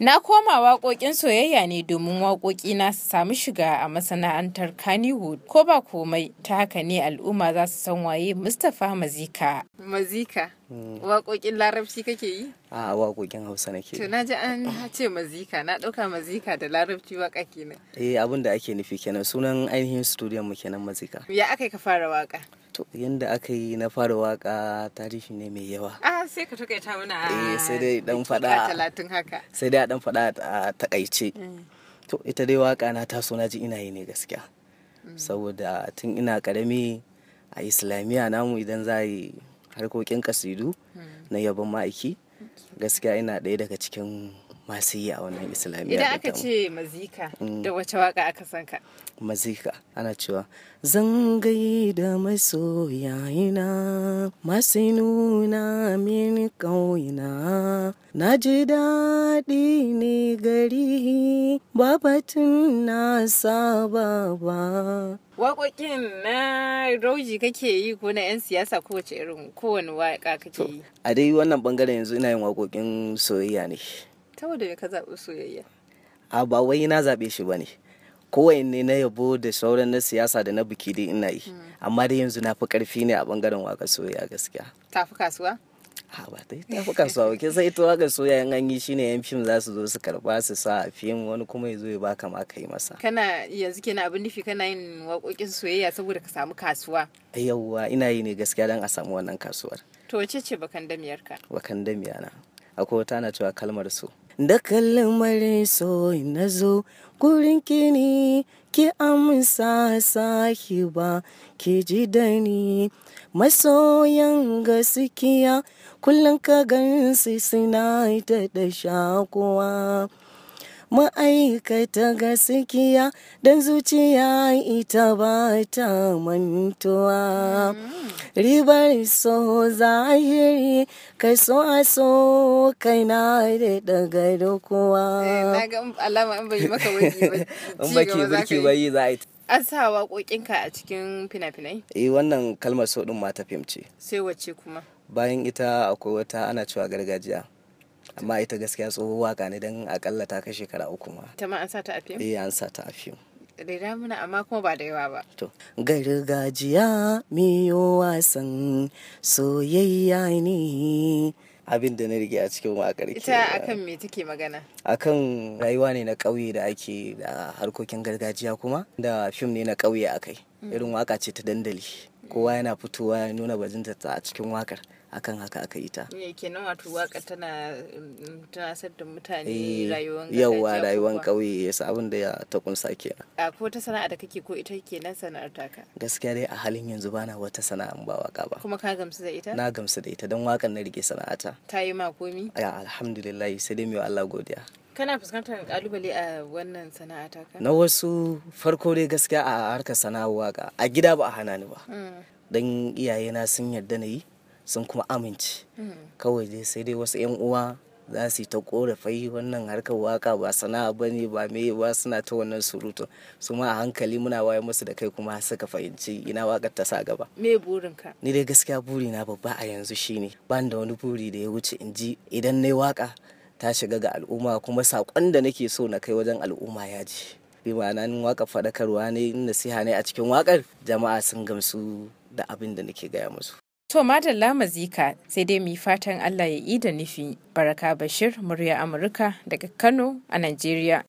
Na koma waƙoƙin soyayya ne domin waƙoƙina su samu shiga a masana'antar Kannywood ko ba komai ta haka ne al'umma za su san waye Mustapha Mazika. Mazika? Hmm. Waƙoƙin larabci kake yi? A waƙoƙin Hausa nake. To na ji an ce Mazika na ɗauka Mazika da larabci waƙa kenan. Eh abin da ake nufi kenan sunan ainihin studio mu kenan Mazika. Ya aka ka fara waƙa? To yanda aka yi na fara waka tarihi ne mai yawa. Ah sai ka takaita mana a eh, sai dai dan fada talatin haka. Sai dai dan fada a takaice. Mm. To ita dai waka na taso na ji ina yi ne gaskiya. Mm. Saboda tun ina karami a islamiyya namu idan za a yi harkokin kasidu mm. na yabon ma'aiki gaskiya ina daya daga cikin masu yi a wannan islamiyya idan aka ce mazika mm. da wace waka aka san ka mazika ana cewa zangai da ina masu nuna mini ƙauyena na ji daɗi ne gari babatun na saba ba Waƙoƙin na rauji kake yi ko na 'yan siyasa wace irin kowane waƙa kake yi? A dai wannan bangaren yanzu ina yin waƙoƙin soyayya ne. saboda me ka zaɓi soyayya a ba wai na zaɓe shi ba ne kowanne na yabo da sauran na siyasa da na biki dai ina yi hmm. amma dai yanzu na fi ƙarfi ne a bangaren waka soya gaskiya ta fi kasuwa ha ba ta ta fi kasuwa ba sai ita waka soya in an yi shine yan fim za su zo su karba su sa a fim wani kuma ya zo ya baka ma yi masa kana yanzu kenan abin nufi kana yin waƙoƙin soyayya saboda ka samu kasuwa yawwa ina yi ne gaskiya don a samu wannan kasuwar to wace ce bakan damiyar ka bakan damiya na akwai wata na cewa kalmar so da kalmar so na zo gurin kini ki amsa ba ki ji dani masoyan gaskiya kullum ka gan su suna da shakuwa ma'aikata gaskiya don zuciya ita ba ta mantuwa mm. ribar so zahiri kai so a so kai na da daga dokuwa eh, na ga an baki bai za a an sa waƙoƙinka a cikin fina-finai? eh wannan kalmar so din ma ta fim ce sai wacce kuma bayan ita akwai wata ana cewa gargajiya amma ita gaskiya tsohon waka ne don akalla ta kai shekara uku ma ta ma an sa ta a fim Iya eh, an sa ta a fim da damuna amma kuma ba da yawa ba. To, gargajiya miyo wasan soyayya ne. Abin da na rike a cikin wakar ke. Ita akan me take magana? Akan rayuwa ne na ƙauye da ake da harkokin gargajiya kuma da fim ne na ƙauye akai. Mm. Irin waka ce ta dandali. kowa yana fitowa ya nuna bajintarsa a cikin wakar akan haka aka yi ta. kenan wato waka tana mm, mm, tasar da mutane eh, rayuwar ƙauye. Yawwa rayuwar ƙauye ya sa abin da ya ta kunsa kenan. A ko ta sana'a da kake ko ita nan sana'ar taka? Gaskiya dai a halin yanzu bana wata sana'a ba waka ba. Kuma ka gamsu da ita? Na gamsu da ita don wakan na rike sana'ata. Ta yi ma komi? Ya alhamdulillah sai dai mai Allah godiya. kana fuskantar kalubale a wannan sana'a ta na wasu farko dai gaskiya a harkar sana'a waka a gida ba a hana ni ba mm. don iyayena sun yarda na yi sun kuma amince mm. kawai dai sai dai wasu 'yan uwa za su yi ta korafai wannan harkar waka ba sana'a ba ne ba me ba suna ta wannan surutun su ma a hankali muna waye musu da kai kuma suka fahimci ina wakar ta sa gaba me burinka ni dai gaskiya buri na babba a yanzu shine ban da wani buri da ya wuce in ji idan na waka ta shiga ga al'umma kuma saƙon da nake so na kai wajen al'umma ya ji bi ma'ana waka faɗakarwa ne nasiha ne a cikin waƙar jama'a sun gamsu da abin da nake gaya musu To Madalla Mazika sai dai mu fatan Allah ya yi da nufi. Baraka Bashir, murya Amurka daga Kano a Najeriya.